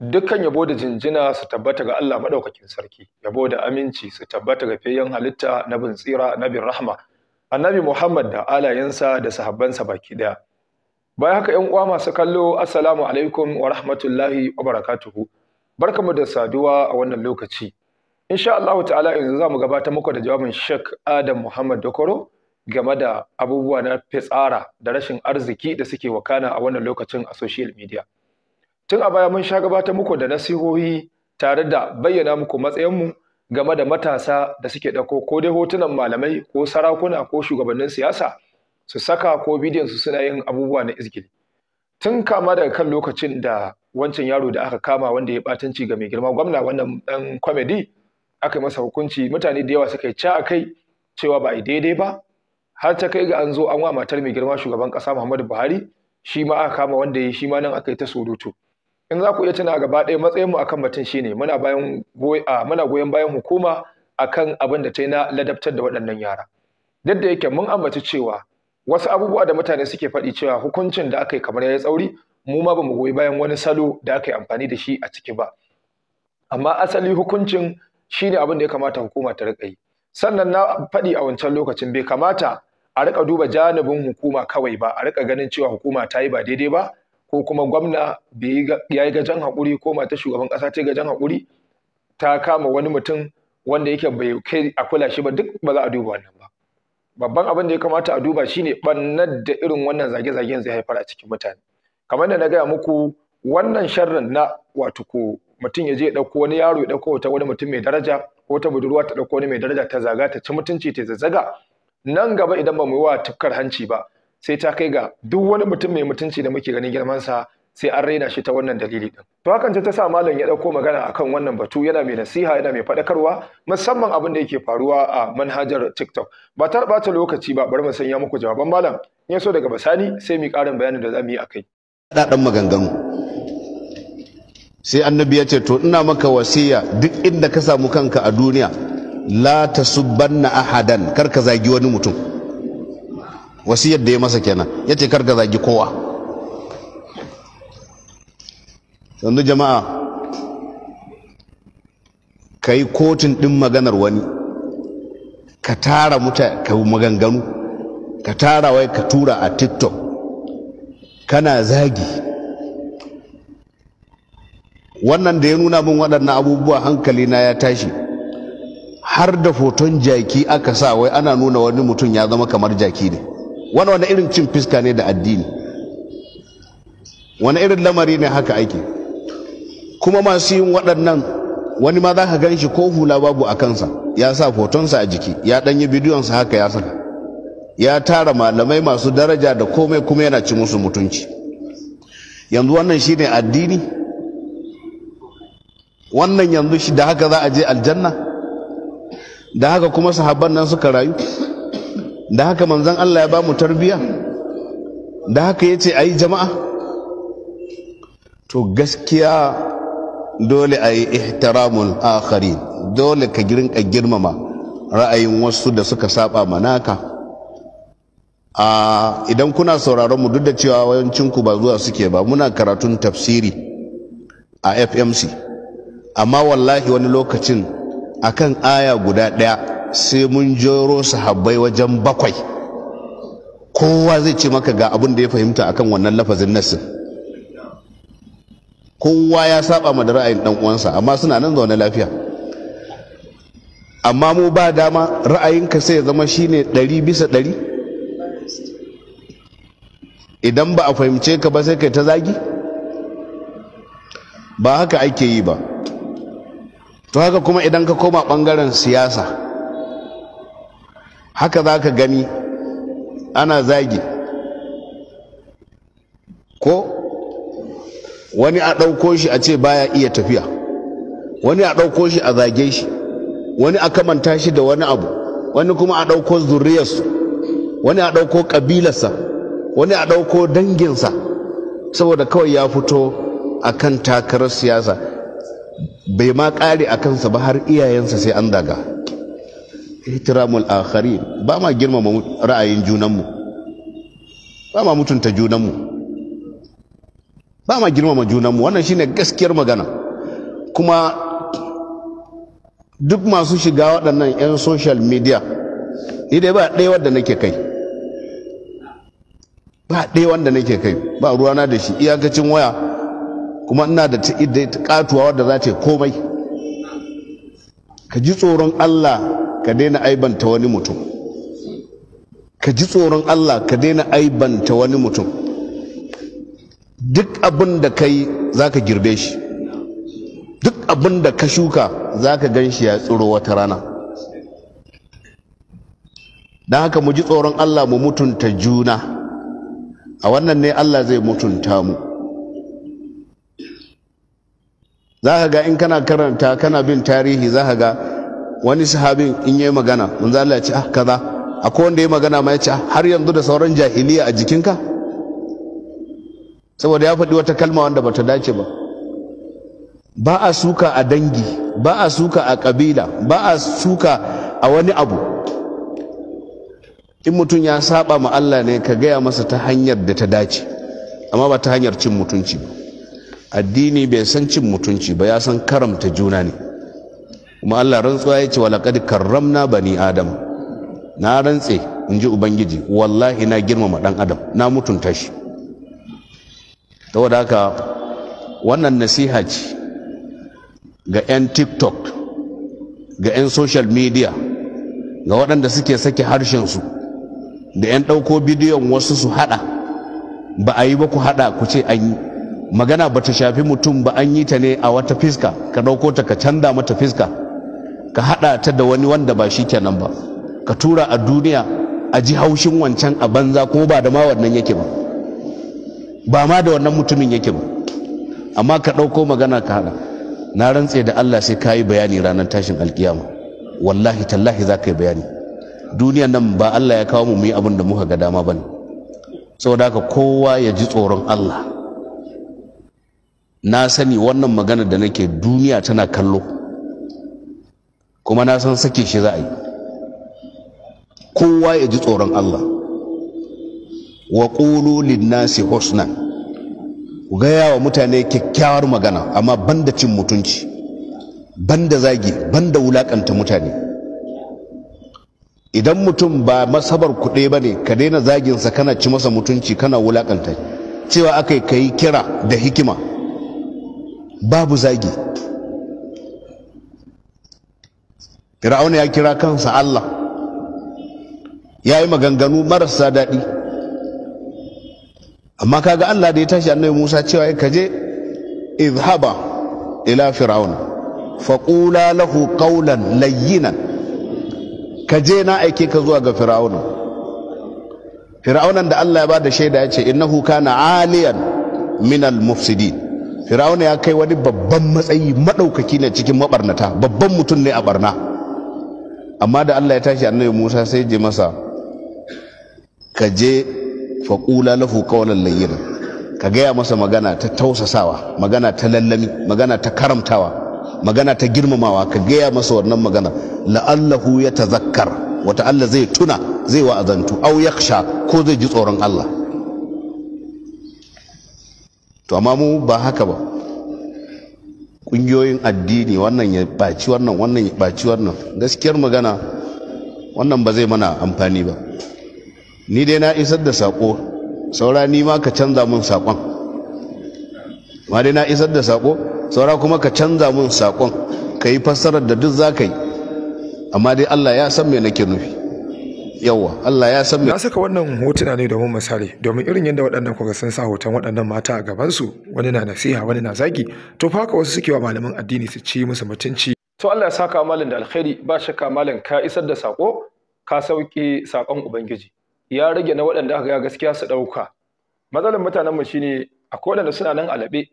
dukkan yabo da jinjina su tabbata ga Allah maɗaukakin sarki yabo da aminci su tabbata ga fiyayyen halitta na bin tsira na bin rahma annabi Muhammad da alayensa da sahabbansa baki ɗaya. bayan haka 'yan uwa masu kallo assalamu alaikum wa rahmatullahi wa barakatuhu barkamu da saduwa a wannan lokaci insha Allah ta'ala yanzu mu gabatar muku da jawabin Sheikh Adam Muhammad Dokoro game da abubuwa na fitsara da rashin arziki da suke wakana a wannan lokacin a social media tun a baya mun sha gabatar muku da nasihohi tare da bayyana muku matsayinmu game da matasa da suke ɗauko ko dai hotunan malamai ko sarakuna ko shugabannin siyasa su saka ko bidiyon su suna yin abubuwa na izgili tun kama daga kan lokacin da wancan yaro da aka kama wanda ya batanci ga mai girma gwamna wannan dan kwamedi aka yi masa hukunci mutane da yawa suka yi ca a kai cewa ba a daidai ba har ta kai ga an zo an wa matar mai girma shugaban kasa Muhammadu Buhari shi ma aka kama wanda ya shi ma nan aka yi ta surutu in za ku iya tuna gaba ɗaya matsayin mu akan batun shine muna bayan muna goyon bayan hukuma akan abin da ta yi na ladabtar da waɗannan yara duk da yake mun ambaci cewa wasu abubuwa da mutane suke faɗi cewa hukuncin da aka yi kamar yayi tsauri mu ma bamu goyi bayan wani salo da aka yi amfani da shi a ciki ba amma asali hukuncin shine abin da ya kamata hukuma ta riƙa yi sannan na faɗi a wancan lokacin bai kamata a riƙa duba janibin hukuma kawai ba a riƙa ganin cewa hukuma ta yi ba daidai ba ko kuma gwamna ya yi gajen haƙuri ko mata shugaban ƙasa ta yi gajen haƙuri ta kama wani mutum wanda yake bai kai a kula shi ba duk ba za a duba wannan ba babban abin da ya kamata a duba shine ɓannar da irin wannan zage-zagen zai haifar a cikin mutane kamar da na gaya muku wannan sharrin na wato ko mutum ya je ya ɗauko wani yaro ya ɗauko wata wani mutum mai daraja ko wata budurwa ta ɗauko wani mai daraja ta zaga ta ci mutunci ta zazzaga nan gaba idan ba mu yi wa tufkar hanci ba sai ta kai ga duk wani mutum mai mutunci da muke ganin girmansa sai an raina shi ta wannan dalili din to hakan ta sa malam ya dauko magana akan wannan batu yana mai nasiha yana mai fadakarwa musamman abin da yake faruwa a manhajar TikTok ba ta bata lokaci ba bari mu sanya muku jawaban malam in so daga basani sai mu karin bayanin da zamu yi akai dadan maganganu sai annabi ya ce to ina maka wasiya duk inda ka samu kanka a duniya la tasubbanna ahadan kar ka zagi wani mutum Wasu da ya masa kenan ya ce kar ka zagi kowa yanzu jama'a ka yi kotun ɗin maganar wani ka tara muta ka maganganu ka tara wai ka tura a tiktok kana zagi wannan da ya nuna min waɗannan abubuwa hankali na ya tashi har da foton jaki aka sa wai ana nuna wani mutum ya zama kamar jaki ne wani wani irin cin fiska ne da addini wani irin lamari ne haka ake kuma masu yin waɗannan wani ma za ka gan shi ko hula babu a kansa ya sa fotonsa a jiki ya ɗanyi bidiyonsa haka ya saka ya tara malamai masu daraja da komai kuma yana ci musu mutunci yanzu wannan shi ne addini wannan yanzu shi da haka za a je aljanna da haka kuma sahabban nan suka rayu da haka manzan Allah ya ba mu tarbiya da haka ya ce a jama'a to gaskiya dole a yi ihtiramul akhari dole ka girinka girmama ra'ayin wasu da suka saba manaka a idan kuna sauraron mu duk da cewa wayancinku ba zuwa suke ba muna karatun tafsiri a fmc amma wallahi wani lokacin akan aya guda ɗaya sai mun jero sahabbai wajen bakwai kowa zai ce maka ga abin da ya fahimta akan wannan lafazin nassin kowa ya saba ma da ra'ayin dan uwansa amma suna nan zaune lafiya amma mu ba dama ra'ayinka sai ya zama shine ɗari bisa ɗari idan ba a fahimce ka ba sai kai ta zagi ba haka ake yi ba to haka kuma idan ka koma ɓangaren siyasa haka za ka gani ana zagi ko wani a ɗauko shi a ce baya iya tafiya wani a ɗauko shi a zage shi wani a kamanta shi da wani abu wani kuma a ɗauko zuriyarsu wani a ɗauko ƙabilarsa wani a ɗauko danginsa saboda kawai ya fito a kan takarar siyasa bai ma ƙare a kansa ba har iyayensa sai an daga ihtiramul akharin ba ma girmama ra'ayin junanmu ba ma mutunta junanmu ba ma girmama junanmu wannan shine gaskiyar magana kuma duk masu shiga waɗannan 'yan social media ni dai ba ɗaya wadda nake kai ba ɗaya wanda nake kai ba ruwana da shi iyakacin waya kuma ina da ta katuwa wadda za ta komai ka ji tsoron Allah ka daina aibanta wani mutum ka ji tsoron Allah ka daina aibanta wani mutum duk abin da ka yi za girbe shi duk abin da ka shuka za ka gan shi ya tsoro wata rana don haka mu ji tsoron Allah mu mutunta juna a wannan ne Allah zai mutunta mu za ka ga in kana karanta kana bin tarihi za ka ga wani sahabin in yi magana manzo Allah ya ce ah kaza akwai wanda yi magana ma ya ce ah, har yanzu da sauran jahiliya a jikinka saboda ya faɗi wata kalma wanda bata dace ba ba a suka a dangi ba a suka a ƙabila, ba a suka a wani abu in mutum ya saba ma Allah ne ka gaya masa ta hanyar da ta dace amma ba ta hanyar cin mutunci ba addini bai san cin mutunci ba ya san karamta juna ne kuma Allah rantsuwa ya ce walaqad karramna bani adam na rantse in ji ubangiji wallahi na girmama dan adam na mutunta shi saboda haka wannan nasiha ce ga 'yan tiktok ga 'yan social media ga waɗanda suke sake su, da 'yan ɗauko bidiyon wasu su haɗa ba a yi ba ku haɗa ku ce an yi magana ba ta shafi mutum ba an yi ta ne a wata fiska ka ɗauko ta ka canza mata fiska ka haɗa ta da wani wanda ba shi kenan ba ka tura a duniya a ji haushin wancan a banza kuma ba da ma wannan yake ba ba ma da wannan mutumin yake ba amma ka ɗauko magana ka hada na rantse da Allah sai ka yi bayani ranar tashin alkiyama wallahi tallahi za ka yi bayani duniyan nan ba Allah ya kawo mu mu yi abin da muka ga dama ba ne saboda haka kowa ya ji tsoron Allah na sani wannan magana da nake duniya tana kallo kuma na san sake shi za a yi kowa ya ji tsoron Allah wa ƙulu linnasi husna ku gaya wa mutane kyakkyawar magana amma banda cin mutunci banda zagi banda wulakanta mutane idan mutum ba masabar kuɗe ba ne ka daina zaginsa kana ci masa mutunci kana wulakanta cewa aka yi kira da hikima babu zagi fir'auna ya kira kansa Allah ya yi maganganu marasa daɗi amma kaga Allah da ya tashi annabi Musa cewa ya kaje izhaba ila fir'aun faƙula lahu ƙaunan layyinan kaje na aike ka zuwa ga fir'aun fir'aunan da Allah ya ba da shaida ya ce innahu kana aliyan minal mufsidin fir'auna ya kai wani babban matsayi maɗaukaki ne cikin mabarnata babban mutum ne a barna amma da Allah ya tashi annabi Musa sai je masa ka je faƙula lafu qawlan layyinan ka gaya masa magana ta tausasawa magana ta lallami magana ta karamtawa magana ta girmamawa ka gaya masa wannan magana la'allahu ya tazakkar wata Allah zai tuna zai wa'azantu au yaksha ko zai ji tsoron Allah to amma mu ba haka ba ƙungiyoyin addini wannan ya ɓaci wannan wannan ya ɓaci wannan gaskiyar magana wannan ba zai mana amfani ba ni dai na isar da saƙo saura ni ma ka canza mun saƙon ma dai na isar da saƙo saura kuma ka canza mun saƙon ka yi fassarar da duk za ka yi amma dai allah ya san me nake nufi yawa Allah ya san na saka wannan hotuna ne domin misali domin irin yadda waɗannan kuka sun sa hoton waɗannan mata a gaban su wani na nasiha wani na zagi to fa haka wasu suke wa malaman addini su ci musu mutunci to Allah ya saka malam da alkhairi ba shakka malam ka isar da sako ka sauke sakon ubangiji ya rage na waɗanda aka ga gaskiya su ɗauka matsalar mutanen mu shine akwai waɗanda suna nan alabe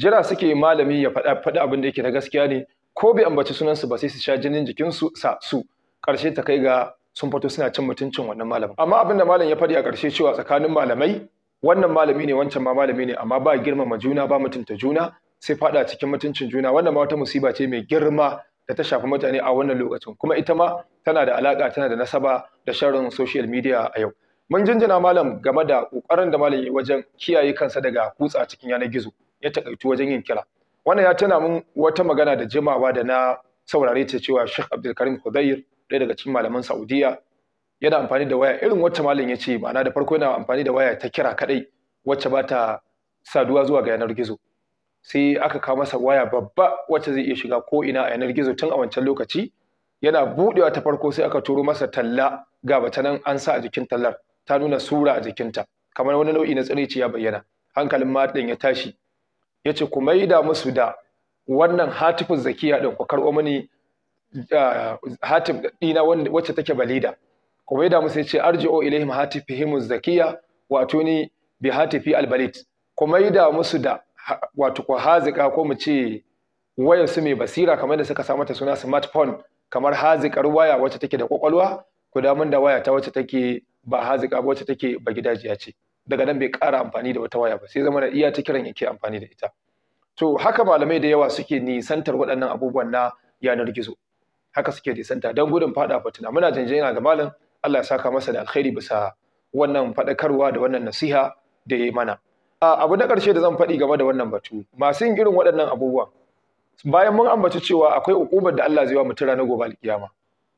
jira suke malami ya faɗa faɗa abin da yake na gaskiya ne ko bai ambaci sunan su ba sai su sha jinin jikinsu sa su karshe ta kai ga sun fito suna cin mutuncin wannan malamin amma abin da malam ya faɗi a ƙarshe cewa tsakanin malamai wannan malami ne wancan ma malami ne amma ba girmama juna ba mutunta juna sai faɗa cikin mutuncin juna wannan ma wata musiba ce mai girma da ta shafi mutane a wannan lokacin kuma ita ma tana da alaƙa tana da nasaba da sharrin social media a yau mun jinjina malam game da ƙoƙarin da malam ya wajen kiyaye kansa daga kutsa cikin yanar gizo ya takaitu wajen yin kira wannan ya tana mun wata magana da jimawa da na saurare ta cewa Sheikh Abdulkarim Khudair ɗaya daga cikin malaman Saudiya yana amfani da waya irin wacce malam ya ce ma'ana da farko yana amfani da waya ta kira kadai wacce ba ta saduwa zuwa ga yanar gizo sai aka kawo masa waya babba wacce zai iya shiga ko ina a yanar gizo tun a wancan lokaci yana budewa ta farko sai aka turo masa talla ga bata nan an sa a jikin tallar ta nuna sura a jikinta kamar wani nau'i na tsirici ya bayyana hankalin matan ya tashi ya ce ku maida musu da wannan hatifin zakiya din ku karɓo mani hatif dina wacce take balida kuma da musu ce arji'u ilaihim hatifihim zakiya wato ni bi hatifi albalid kuma da musu da wato ko hazika ko mu ce wayar su mai basira kamar da suka samu ta suna smartphone kamar hazikar waya wacce take da kwakwalwa ku damun da waya ta wacce take ba hazika ba wacce take ba gidajiya ce daga nan bai ƙara amfani da wata waya ba sai zama na iya ta kiran yake amfani da ita to haka malamai da yawa suke nisantar waɗannan abubuwan na yanar gizo haka suke nisanta don gudun fada fitina muna janjina ga malam Allah ya saka masa da alkhairi bisa wannan faɗakarwa da wannan nasiha da ya yi mana abu na ƙarshe da zan faɗi game da wannan batu masu yin irin waɗannan abubuwan bayan mun ambaci cewa akwai ukubar da Allah zai wa mutum ranar gobe alkiyama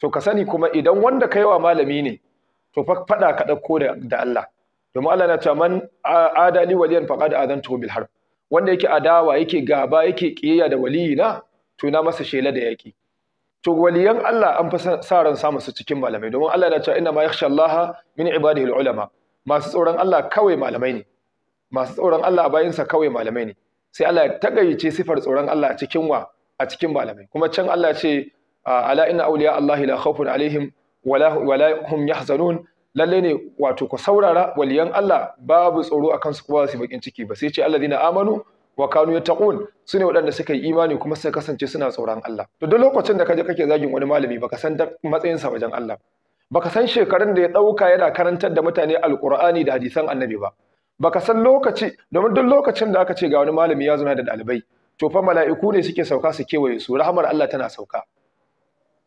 to ka sani kuma idan wanda kai wa malami ne to faɗa ka ɗauko da Allah domin Allah na ce man adali waliyan faqad adantu bil harb wanda yake adawa yake gaba yake kiyayya da waliyina to na masa shela da yaki to waliyan Allah an fa sa ran samu su cikin malamai domin Allah yana cewa inna ma yakhsha Allah min ibadihi ulama masu tsoron Allah kawai malamai ne masu tsoron Allah a sa kawai malamai ne sai Allah ya tagayyace sifar tsoron Allah a cikin wa a cikin malamai kuma can Allah ce ala inna awliya Allah la khawfun alaihim wala wala hum yahzanun lalle ne wato ku saurara waliyan Allah babu tsoro akan su kowa su bakin ciki ba sai ce Allah dina amanu wa kanu yattaqun sune waɗanda suka yi imani kuma suka kasance suna tsoron Allah to duk lokacin da kaje kake zagin wani malami baka san matsayin sa wajen Allah baka san shekarun da ya dauka yana karantar da mutane alqur'ani da hadisan annabi ba baka san lokaci domin duk lokacin da aka ce ga wani malami ya zo da dalibai to fa mala'iku ne suke sauka su kewaye su rahmar Allah tana sauka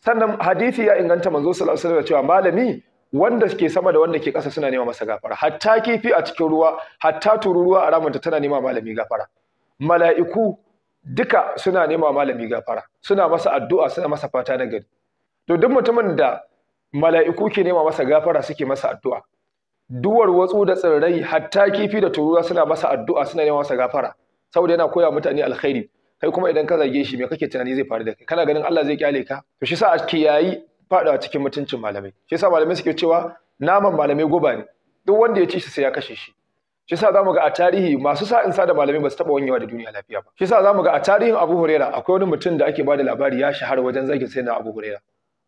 sannan hadisi ya inganta manzo sallallahu alaihi wasallam cewa malami wanda ke sama da wanda ke ƙasa suna nema masa gafara hatta kifi a cikin ruwa hatta tururuwa a ramanta tana nema malami gafara mala'iku duka suna nema malami gafara suna masa addu'a suna masa fata na gari to duk mutumin da mala'iku ke nema masa gafara suke masa addu'a duwar watsu da tsirrai hatta kifi da tururuwa suna masa addu'a suna nema masa gafara saboda yana koya mutane alkhairi kai kuma idan ka zage shi me kake tunani zai faru da kai kana ganin Allah zai kyale ka to shi sa a kiyayi a cikin mutuncin malamai shi yasa malamai suke cewa naman malamai guba ne duk wanda ya ci shi sai ya kashe shi shi yasa zamu ga a tarihi masu sa insa da malamai ba su taba wanyewa da duniya lafiya ba shi yasa zamu ga a tarihin Abu Huraira akwai wani mutum da ake bada labari ya shahara wajen zagin sai na Abu Huraira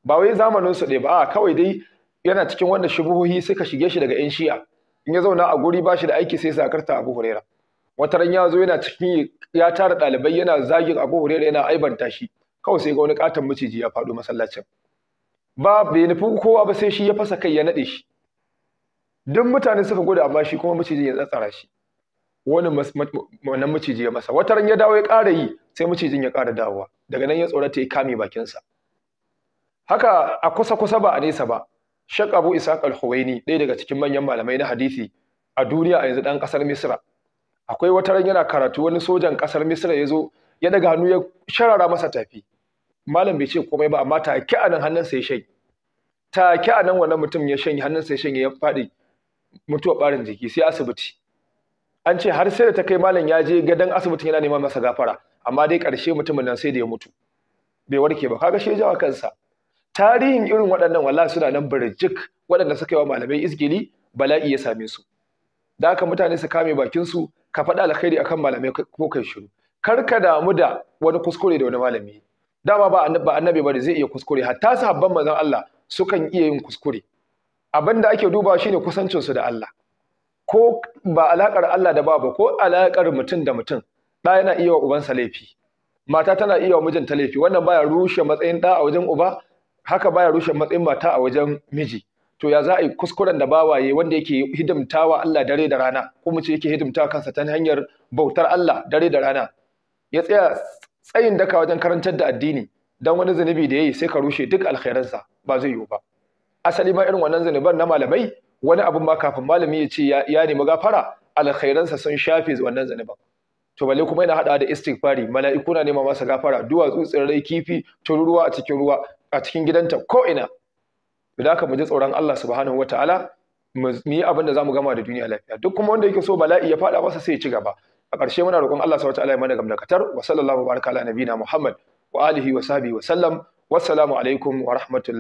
ba wai zamanin su ɗaya ba a kawai dai yana cikin wanda shubuhohi suka shige shi daga yan shi'a in ya zauna a guri ba shi da aiki sai sakarta Abu Huraira wata ran ya zo yana cikin ya tara ɗalibai yana zagin Abu Huraira yana aibanta shi kawai sai ga wani katon maciji ya faɗo masallacin ba bai nufi kowa ba sai shi ya fasa kai ya naɗe shi duk mutane suka gudu amma shi kuma maciji ya tsatsara shi wani wannan maciji ya masa wata ran ya dawo ya ƙara yi sai macijin ya ƙara dawowa daga nan ya tsorata ya kame bakinsa haka a kusa kusa ba a nesa ba shak abu isa al-huwaini ɗaya daga cikin manyan malamai na hadisi a duniya a yanzu ɗan ƙasar misra akwai wata ran yana karatu wani sojan ƙasar misra ya zo ya daga hannu ya sharara masa tafi malam bai ce komai ba amma ta a nan hannunsa ya shanye Ta a nan wannan mutum ya shanye hannunsa ya shanye ya faɗi mutuwar ɓarin jiki sai asibiti an ce har sai da ta kai malam ya je gadon asibitin yana neman masa gafara amma dai ƙarshe mutumin nan sai da ya mutu bai warke ba kaga shi jawa kansa tarihin irin waɗannan wallahi suna nan birjik waɗanda suka yi wa malamai izgili bala'i ya same su da haka mutane su kame bakin su ka faɗa alkhairi akan malamai ko kai shiru kar ka damu da wani kuskure da wani malami dama ba annabi ba da zai iya kuskure hatta sahabban mazan Allah sukan iya yin kuskure abinda ake duba shine kusancin su da Allah ko ba alakar Allah da babu ko alakar mutum da mutum da yana iya wa ubansa laifi mata tana iya wa mijinta laifi wannan baya rushe matsayin da a wajen uba haka baya rushe matsayin mata a wajen miji to ya za a yi kuskuren da bawaye wanda yake hidimtawa Allah dare da rana ko mu ce yake hidimta kansa ta hanyar bautar Allah dare da rana ya tsaya tsayin daka wajen karantar da addini dan wani zunubi da ya yi sai ka rushe duk alkhairansa ba zai yiwu ba asali ma irin wannan zunuban na malamai wani abun ma kafin malami ya ce ya nemi gafara alkhairansa sun shafe wannan zunuban to balle kuma yana haɗawa da istighfari mala'iku na nema masa gafara duwatsu tsirrai kifi tururuwa a cikin ruwa a cikin gidanta ko ina da ka mu ji tsoron Allah subhanahu wataala mu yi abin da mu gama da duniya lafiya duk kuma wanda yake so bala'i ya fada masa sai ya ci gaba a ƙarshe muna roƙon Allah subhanahu wataala ya mana gamdakatar wa sallallahu baraka ala nabina Muhammad wa alihi wa sahbihi wa sallam wassalamu alaikum wa rahmatullahi